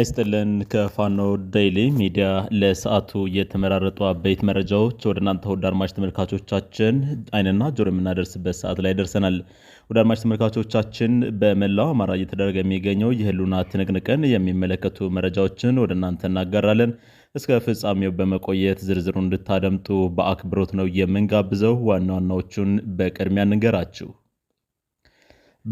አይስጥልን ከፋኖ ዴይሊ ሚዲያ ለሰዓቱ የተመራረጡ አበይት መረጃዎች ወደ እናንተ ወደ አድማጭ ተመልካቾቻችን አይንና ጆሮ የምናደርስበት ሰዓት ላይ ደርሰናል። ወደ አድማጭ ተመልካቾቻችን በመላው አማራ እየተደረገ የሚገኘው የህሉና ትንቅንቅን የሚመለከቱ መረጃዎችን ወደ እናንተ እናጋራለን። እስከ ፍጻሜው በመቆየት ዝርዝሩ እንድታደምጡ በአክብሮት ነው የምንጋብዘው። ዋና ዋናዎቹን በቅድሚያ እንንገራችሁ።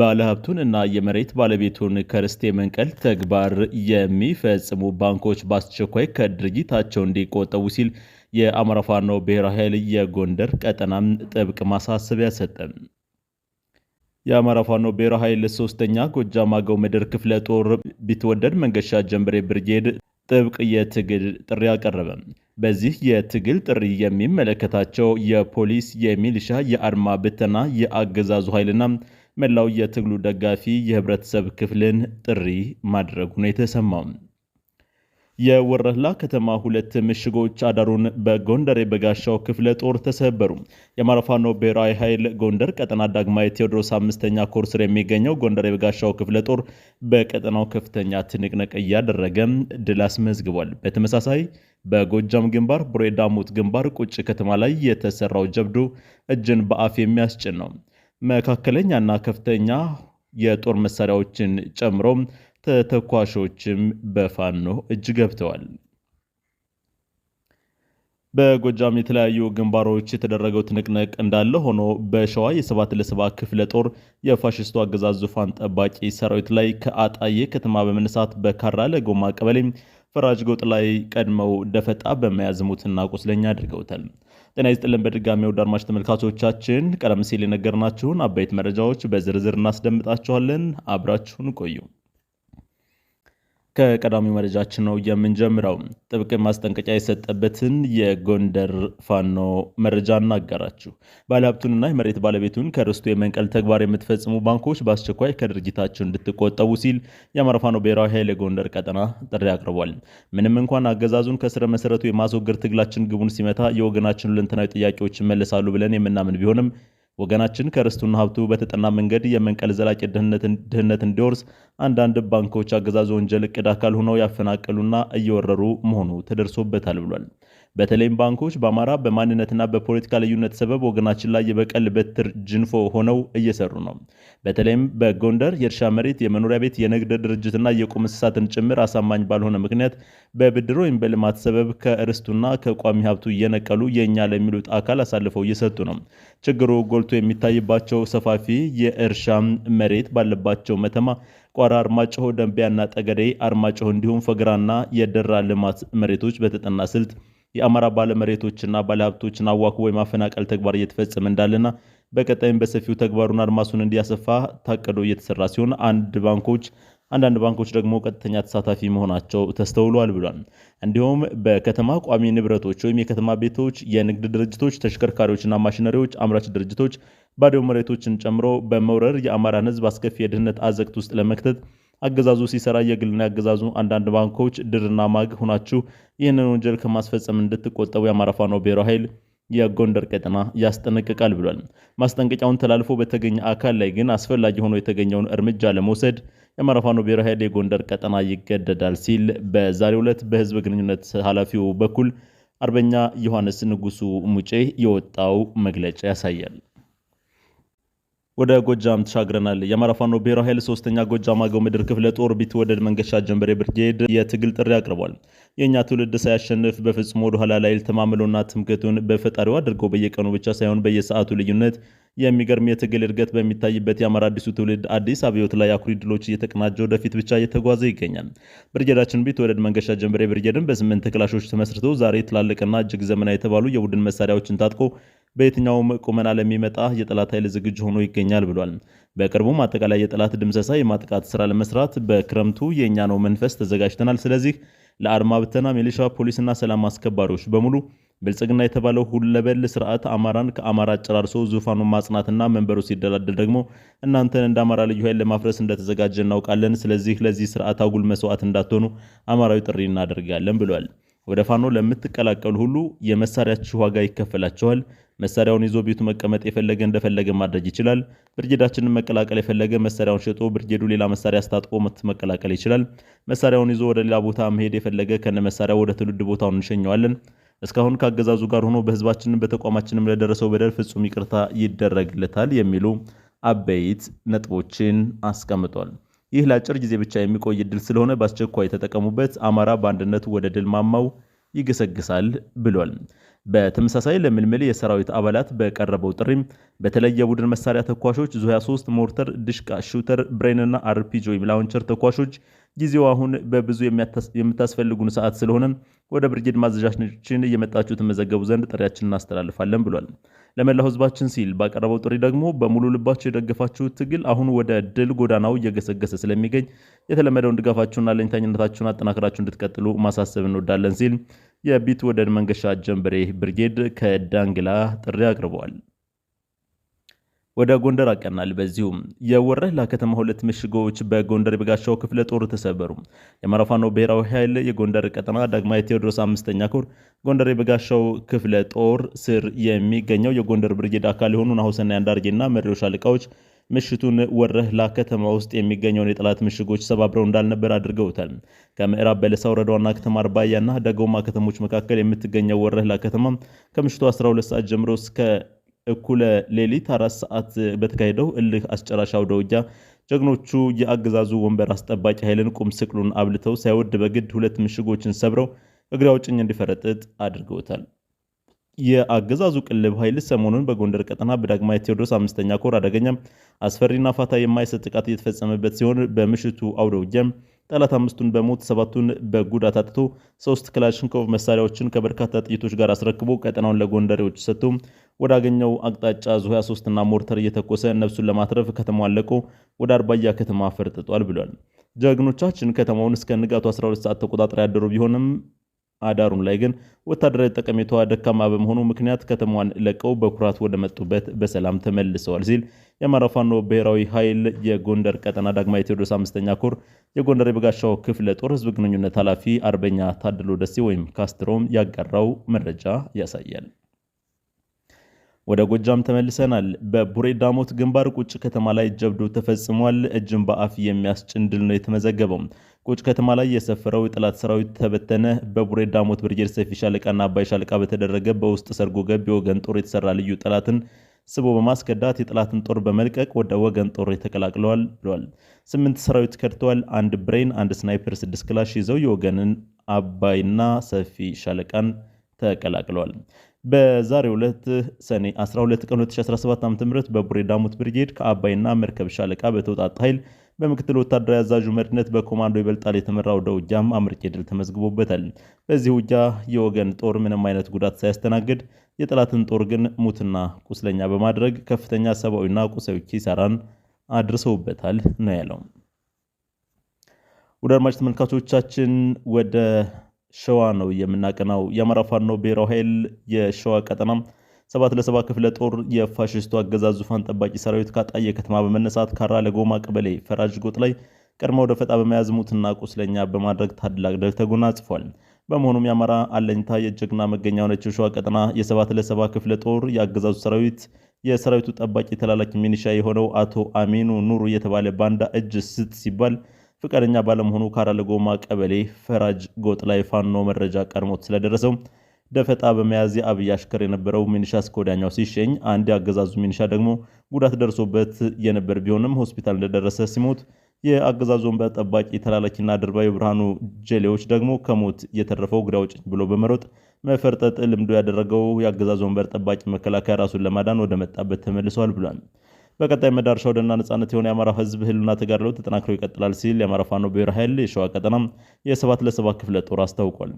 ባለሀብቱን እና የመሬት ባለቤቱን ከርስት የመንቀል ተግባር የሚፈጽሙ ባንኮች በአስቸኳይ ከድርጊታቸው እንዲቆጠቡ ሲል የአማራ ፋኖ ብሔራዊ ኃይል የጎንደር ቀጠናም ጥብቅ ማሳሰቢያ ሰጠ። የአማራ ፋኖ ብሔራዊ ኃይል ሶስተኛ ጎጃም አገው ምድር ክፍለ ጦር ቢትወደድ መንገሻ ጀንበሬ ብርጌድ ጥብቅ የትግል ጥሪ አቀረበ። በዚህ የትግል ጥሪ የሚመለከታቸው የፖሊስ፣ የሚሊሻ፣ የአድማ ብተና፣ የአገዛዙ ኃይልና መላው የትግሉ ደጋፊ የህብረተሰብ ክፍልን ጥሪ ማድረጉ ነው የተሰማው። የወረህላ ከተማ ሁለት ምሽጎች አዳሩን በጎንደር የበጋሻው ክፍለ ጦር ተሰበሩ። የአማራ ፋኖ ብሔራዊ ኃይል ጎንደር ቀጠና ዳግማዊ ቴዎድሮስ አምስተኛ ኮር ስር የሚገኘው ጎንደር የበጋሻው ክፍለ ጦር በቀጠናው ከፍተኛ ትንቅንቅ እያደረገ ድል አስመዝግቧል። በተመሳሳይ በጎጃም ግንባር ቡሬ ዳሞት ግንባር ቁጭ ከተማ ላይ የተሰራው ጀብዱ እጅን በአፍ የሚያስጭን ነው። መካከለኛና ከፍተኛ የጦር መሳሪያዎችን ጨምሮ ተተኳሾችም በፋኖ እጅ ገብተዋል። በጎጃም የተለያዩ ግንባሮች የተደረገው ትንቅንቅ እንዳለ ሆኖ በሸዋ የሰባት ለሰባ ክፍለ ጦር የፋሽስቱ አገዛዝ ዙፋን ጠባቂ ሰራዊት ላይ ከአጣዬ ከተማ በመነሳት በካራ ለጎማ ቀበሌ ፈራጅ ጎጥ ላይ ቀድመው ደፈጣ በመያዝ ሙትና ቁስለኛ አድርገውታል። ጤና ይስጥልን በድጋሚ ወደ አድማጭ ተመልካቾቻችን ቀደም ሲል የነገርናችሁን አበይት መረጃዎች በዝርዝር እናስደምጣችኋለን። አብራችሁን ቆዩ። ከቀዳሚው መረጃችን ነው የምንጀምረው። ጥብቅ ማስጠንቀቂያ የሰጠበትን የጎንደር ፋኖ መረጃ እናጋራችሁ። ባለሀብቱንና የመሬት ባለቤቱን ከርስቱ የመንቀል ተግባር የምትፈጽሙ ባንኮች በአስቸኳይ ከድርጅታቸው እንድትቆጠቡ ሲል የአማራ ፋኖ ብሔራዊ ኃይል የጎንደር ቀጠና ጥሪ አቅርቧል። ምንም እንኳን አገዛዙን ከስረ መሰረቱ የማስወገድ ትግላችን ግቡን ሲመታ የወገናችን ሁለንተናዊ ጥያቄዎች ይመለሳሉ ብለን የምናምን ቢሆንም ወገናችን ከርስቱና ሀብቱ በተጠና መንገድ የመንቀል ዘላቂ ድህነት እንዲወርስ አንዳንድ ባንኮች አገዛዝ ወንጀል እቅድ አካል ሆነው ያፈናቀሉና እየወረሩ መሆኑ ተደርሶበታል ብሏል። በተለይም ባንኮች በአማራ በማንነትና በፖለቲካ ልዩነት ሰበብ ወገናችን ላይ የበቀል በትር ጅንፎ ሆነው እየሰሩ ነው። በተለይም በጎንደር የእርሻ መሬት፣ የመኖሪያ ቤት፣ የንግድ ድርጅትና የቁም እንስሳትን ጭምር አሳማኝ ባልሆነ ምክንያት በብድር ወይም በልማት ሰበብ ከርስቱና ከቋሚ ሀብቱ እየነቀሉ የእኛ ለሚሉት አካል አሳልፈው እየሰጡ ነው። ችግሩ ጎልቶ የሚታይባቸው ሰፋፊ የእርሻ መሬት ባለባቸው መተማ ቋራ አርማጭሆ፣ ደንቢያና ጠገዴ አርማጭሆ እንዲሁም ፈግራና የደራ ልማት መሬቶች በተጠና ስልት የአማራ ባለመሬቶችና ባለሀብቶችን አዋክቦ የማፈናቀል ተግባር እየተፈጸመ እንዳለና በቀጣይም በሰፊው ተግባሩን አድማሱን እንዲያሰፋ ታቅዶ እየተሰራ ሲሆን አንድ ባንኮች አንዳንድ ባንኮች ደግሞ ቀጥተኛ ተሳታፊ መሆናቸው ተስተውሏል ብሏል። እንዲሁም በከተማ ቋሚ ንብረቶች ወይም የከተማ ቤቶች፣ የንግድ ድርጅቶች፣ ተሽከርካሪዎችና ማሽነሪዎች አምራች ድርጅቶች ባዶ መሬቶችን ጨምሮ በመውረር የአማራን ሕዝብ አስከፊ የድህነት አዘቅት ውስጥ ለመክተት አገዛዙ ሲሰራ የግልና ያገዛዙ አንዳንድ ባንኮች ድርና ማግ ሆናችሁ ይህንን ወንጀል ከማስፈጸም እንድትቆጠቡ የአማራ ፋኖ ብሔራዊ ኃይል የጎንደር ቀጠና ያስጠነቅቃል ብሏል። ማስጠንቀቂያውን ተላልፎ በተገኘ አካል ላይ ግን አስፈላጊ ሆኖ የተገኘውን እርምጃ ለመውሰድ የአማራ ፋኖ ብሔራዊ ኃይል የጎንደር ቀጠና ይገደዳል ሲል በዛሬው ዕለት በህዝብ ግንኙነት ኃላፊው በኩል አርበኛ ዮሐንስ ንጉሱ ሙጬ የወጣው መግለጫ ያሳያል። ወደ ጎጃም ተሻግረናል። የአማራ ፋኖ ብሔራዊ ኃይል ሶስተኛ ጎጃም አገው ምድር ክፍለ ጦር ቢትወደድ መንገሻ ጀንበሬ ብርጌድ የትግል ጥሪ አቅርቧል። የእኛ ትውልድ ሳያሸንፍ በፍጹም ወደ ኋላ ላይ ተማምሎና ትምክህቱን በፈጣሪው አድርገው በየቀኑ ብቻ ሳይሆን በየሰዓቱ ልዩነት የሚገርም የትግል እድገት በሚታይበት የአማራ አዲሱ ትውልድ አዲስ አብዮት ላይ አኩሪ ድሎች እየተቀናጀ ወደፊት ብቻ እየተጓዘ ይገኛል። ብርጌዳችን ቢትወደድ መንገሻ ጀንበሬ ብርጌድን በስምንት ክላሾች ተመስርቶ ዛሬ ትላልቅና እጅግ ዘመናዊ የተባሉ የቡድን መሳሪያዎችን ታጥቆ በየትኛውም ቁመና ለሚመጣ የጠላት ኃይል ዝግጁ ሆኖ ይገኛል ብሏል። በቅርቡም አጠቃላይ የጠላት ድምሰሳ የማጥቃት ስራ ለመስራት በክረምቱ የእኛ ነው መንፈስ ተዘጋጅተናል። ስለዚህ ለአድማ ብተና፣ ሚሊሻ፣ ፖሊስና ሰላም አስከባሪዎች በሙሉ ብልጽግና የተባለው ሁለበል ስርዓት አማራን ከአማራ አጨራርሶ ዙፋኑን ማጽናትና መንበሩ ሲደላደል ደግሞ እናንተን እንደ አማራ ልዩ ኃይል ለማፍረስ እንደተዘጋጀ እናውቃለን። ስለዚህ ለዚህ ስርዓት አጉል መስዋዕት እንዳትሆኑ አማራዊ ጥሪ እናደርጋለን ብሏል። ወደ ፋኖ ለምትቀላቀሉ ሁሉ የመሳሪያችሁ ዋጋ ይከፈላችኋል። መሳሪያውን ይዞ ቤቱ መቀመጥ የፈለገ እንደፈለገ ማድረግ ይችላል። ብርጌዳችንን መቀላቀል የፈለገ መሳሪያውን ሸጦ ብርጌዱ ሌላ መሳሪያ አስታጥቆ መቀላቀል ይችላል። መሳሪያውን ይዞ ወደ ሌላ ቦታ መሄድ የፈለገ ከነ መሳሪያ ወደ ትውልድ ቦታውን እንሸኘዋለን። እስካሁን ከአገዛዙ ጋር ሆኖ በህዝባችንም በተቋማችንም ለደረሰው በደል ፍጹም ይቅርታ ይደረግለታል የሚሉ አበይት ነጥቦችን አስቀምጧል። ይህ ለአጭር ጊዜ ብቻ የሚቆይ ድል ስለሆነ በአስቸኳይ የተጠቀሙበት አማራ በአንድነቱ ወደ ድል ማማው ይገሰግሳል ብሏል። በተመሳሳይ ለምልምል የሰራዊት አባላት በቀረበው ጥሪም በተለየ የቡድን መሳሪያ ተኳሾች ዙ 23 ሞርተር፣ ድሽቃ፣ ሹተር፣ ብሬንና አርፒጂ ወይም ላውንቸር ተኳሾች ጊዜው አሁን በብዙ የምታስፈልጉን ሰዓት ስለሆነ ወደ ብርጌድ ማዘዣችን እየመጣችሁ ትመዘገቡ ዘንድ ጥሪያችን እናስተላልፋለን ብሏል። ለመላው ህዝባችን ሲል ባቀረበው ጥሪ ደግሞ በሙሉ ልባችሁ የደገፋችሁት ትግል አሁን ወደ ድል ጎዳናው እየገሰገሰ ስለሚገኝ የተለመደውን ድጋፋችሁና ለኝታኝነታችሁን አጠናክራችሁ እንድትቀጥሉ ማሳሰብ እንወዳለን ሲል የቢት ወደድ መንገሻ ጀንበሬ ብርጌድ ከዳንግላ ጥሪ አቅርበዋል። ወደ ጎንደር አቀናል። በዚሁም የወረህላ ከተማ ሁለት ምሽጎች በጎንደር የበጋሻው ክፍለ ጦር ተሰበሩ። የአማራ ፋኖ ብሔራዊ ኃይል የጎንደር ቀጠና ዳግማዊ ቴዎድሮስ አምስተኛ ኮር ጎንደር የበጋሻው ክፍለ ጦር ስር የሚገኘው የጎንደር ብርጌድ አካል የሆኑ ናሁሰና ያንዳርጌና መሪዎች ሻለቃዎች ምሽቱን ወረህላ ከተማ ውስጥ የሚገኘውን የጠላት ምሽጎች ሰባብረው እንዳልነበር አድርገውታል። ከምዕራብ በለሳ ወረዳ ዋና ከተማ አርባያና ደጎማ ከተሞች መካከል የምትገኘው ወረህላ ከተማ ከምሽቱ 12 ሰዓት ጀምሮ እስከ እኩለ ሌሊት አራት ሰዓት በተካሄደው እልህ አስጨራሽ አውደ ውጊያ ጀግኖቹ የአገዛዙ ወንበር አስጠባቂ ኃይልን ቁም ስቅሉን አብልተው ሳይወድ በግድ ሁለት ምሽጎችን ሰብረው እግሬ አውጭኝ እንዲፈረጥጥ አድርገውታል። የአገዛዙ ቅልብ ኃይል ሰሞኑን በጎንደር ቀጠና በዳግማዊ ቴዎድሮስ አምስተኛ ኮር አደገኛ አስፈሪና ፋታ የማይሰጥ ጥቃት እየተፈጸመበት ሲሆን በምሽቱ አውደ ውጊያም ጠላት አምስቱን በሞት ሰባቱን በጉዳት አጥቶ ሶስት ክላሽንኮቭ መሳሪያዎችን ከበርካታ ጥይቶች ጋር አስረክቦ ቀጠናውን ለጎንደሬዎች ሰጥቶ ወዳገኘው አቅጣጫ ዙ 23 ሞርተር እየተኮሰ ነፍሱን ለማትረፍ ከተማዋን ለቆ ወደ አርባያ ከተማ ፈርጥጧል ብሏል። ጀግኖቻችን ከተማውን እስከ ንጋቱ 12 ሰዓት ተቆጣጥረው ያደሩ ቢሆንም አዳሩም ላይ ግን ወታደራዊ ጠቀሜታዋ ደካማ በመሆኑ ምክንያት ከተማዋን ለቀው በኩራት ወደ መጡበት በሰላም ተመልሰዋል ሲል የአማራ ፋኖ ብሔራዊ ኃይል የጎንደር ቀጠና ዳግማዊ ቴዎድሮስ አምስተኛ ኮር የጎንደር የበጋሻው ክፍለ ጦር ህዝብ ግንኙነት ኃላፊ አርበኛ ታድሎ ደሴ ወይም ካስትሮም ያጋራው መረጃ ያሳያል። ወደ ጎጃም ተመልሰናል። በቡሬ ዳሞት ግንባር ቁጭ ከተማ ላይ ጀብዱ ተፈጽሟል። እጅን በአፍ የሚያስጭን ድል ነው የተመዘገበው። ቁጭ ከተማ ላይ የሰፈረው የጠላት ሰራዊት ተበተነ። በቡሬ ዳሞት ብርጌድ ሰፊ ሻለቃና አባይ ሻለቃ በተደረገ በውስጥ ሰርጎ ገብ የወገን ጦር የተሰራ ልዩ ጠላትን ስቦ በማስከዳት የጠላትን ጦር በመልቀቅ ወደ ወገን ጦር ተቀላቅለዋል ብሏል። ስምንት ሰራዊት ከድተዋል። አንድ ብሬን፣ አንድ ስናይፐር፣ ስድስት ክላሽ ይዘው የወገንን አባይና ሰፊ ሻለቃን ተቀላቅለዋል። በዛሬ ዕለት ሰኔ 12 ቀን 2017 ም በቡሬ ዳሞት ብርጌድ ከአባይና መርከብ ሻለቃ በተውጣጣ ኃይል በምክትል ወታደራዊ አዛዡ መሪነት በኮማንዶ ይበልጣል የተመራው ደውጃም አመርቂ ድል ተመዝግቦበታል። በዚህ ውጊያ የወገን ጦር ምንም አይነት ጉዳት ሳያስተናግድ የጠላትን ጦር ግን ሙትና ቁስለኛ በማድረግ ከፍተኛ ሰብአዊና ቁሳዊ ኪሳራን አድርሰውበታል ነው ያለው። ወደ አድማጭ ተመልካቾቻችን ወደ ሸዋ ነው የምናቀናው። የአማራ ፋኖ ብሔራዊ ኃይል የሸዋ ቀጠና ሰባት ለሰባ ክፍለ ጦር የፋሽስቱ አገዛዝ ዙፋን ጠባቂ ሰራዊት ካጣየ ከተማ በመነሳት ካራ ለጎማ ቀበሌ ፈራጅ ጎጥ ላይ ቀድሞ ደፈጣ በመያዝ ሙትና ቁስለኛ በማድረግ ታላቅ ድል ተጎናጽፏል። በመሆኑም የአማራ አለኝታ የጀግና መገኛ የሆነችው ሸዋ ቀጠና የሰባት ለሰባ ክፍለ ጦር የአገዛዙ ሰራዊት የሰራዊቱ ጠባቂ ተላላኪ ሚኒሻ የሆነው አቶ አሚኑ ኑሩ የተባለ ባንዳ እጅ ስጥ ሲባል ፍቃደኛ ባለመሆኑ ካራ ለጎማ ቀበሌ ፈራጅ ጎጥ ላይ ፋኖ መረጃ ቀድሞት ስለደረሰው ደፈጣ በመያዝ የአብይ አሽከር የነበረው ሚኒሻ እስከ ሲሸኝ፣ አንድ የአገዛዙ ሚኒሻ ደግሞ ጉዳት ደርሶበት የነበር ቢሆንም ሆስፒታል እንደደረሰ ሲሞት፣ የአገዛዙ ወንበር ጠባቂ ተላላኪና ድርባ የብርሃኑ ጀሌዎች ደግሞ ከሞት የተረፈው ግዳ ውጭኝ ብሎ በመሮጥ መፈርጠጥ ልምዶ ያደረገው የአገዛዙ ወንበር ጠባቂ መከላከያ ራሱን ለማዳን ወደ መጣበት ተመልሰዋል ብሏል። በቀጣይ መዳረሻ ወደና ነጻነት የሆነ የአማራ ህዝብ ህልና ተጋድሎ ተጠናክሮ ይቀጥላል ሲል የአማራ ፋኖ ብሔር ኃይል የሸዋ ቀጠና የሰባት ለሰባት ክፍለ ጦር አስታውቋል።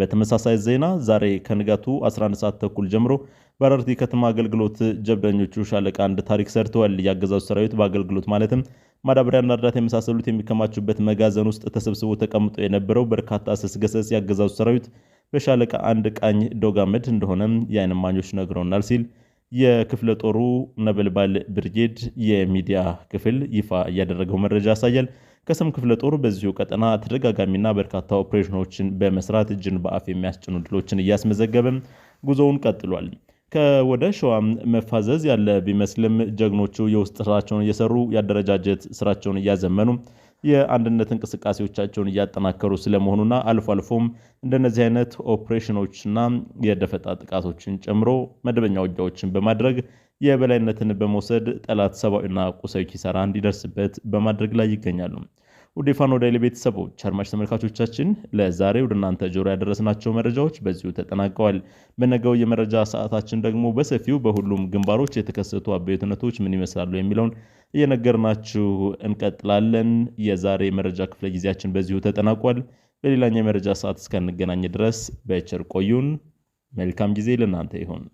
በተመሳሳይ ዜና ዛሬ ከንጋቱ 11 ሰዓት ተኩል ጀምሮ በአረርቲ ከተማ አገልግሎት ጀብደኞቹ ሻለቃ አንድ ታሪክ ሰርተዋል። የአገዛዙ ሰራዊት በአገልግሎት ማለትም ማዳበሪያና እርዳታ የመሳሰሉት የሚከማቹበት መጋዘን ውስጥ ተሰብስቦ ተቀምጦ የነበረው በርካታ ገሰስ የአገዛዙ ሰራዊት በሻለቃ አንድ ቃኝ ዶጋመድ እንደሆነም የአይን እማኞች ነግረውናል ሲል የክፍለ ጦሩ ነበልባል ብርጌድ የሚዲያ ክፍል ይፋ እያደረገው መረጃ ያሳያል። ከሰም ክፍለ ጦር በዚሁ ቀጠና ተደጋጋሚና በርካታ ኦፕሬሽኖችን በመስራት እጅን በአፍ የሚያስጭኑ ድሎችን እያስመዘገበ ጉዞውን ቀጥሏል። ከወደ ሸዋ መፋዘዝ ያለ ቢመስልም ጀግኖቹ የውስጥ ስራቸውን እየሰሩ የአደረጃጀት ስራቸውን እያዘመኑ የአንድነት እንቅስቃሴዎቻቸውን እያጠናከሩ ስለመሆኑና አልፎ አልፎም እንደነዚህ አይነት ኦፕሬሽኖችና የደፈጣ ጥቃቶችን ጨምሮ መደበኛ ውጊያዎችን በማድረግ የበላይነትን በመውሰድ ጠላት ሰብአዊና ቁሳዊ ኪሳራ እንዲደርስበት በማድረግ ላይ ይገኛሉ። ውድ የፋኖ ዳይሊ ቤተሰቦች አድማጭ ተመልካቾቻችን ለዛሬ ወደ እናንተ ጆሮ ያደረስናቸው መረጃዎች በዚሁ ተጠናቀዋል። በነገው የመረጃ ሰዓታችን ደግሞ በሰፊው በሁሉም ግንባሮች የተከሰቱ አበይት ሁነቶች ምን ይመስላሉ የሚለውን እየነገርናችሁ እንቀጥላለን። የዛሬ መረጃ ክፍለ ጊዜያችን በዚሁ ተጠናቋል። በሌላኛው የመረጃ ሰዓት እስከንገናኝ ድረስ በቸር ቆዩን። መልካም ጊዜ ለእናንተ ይሁን።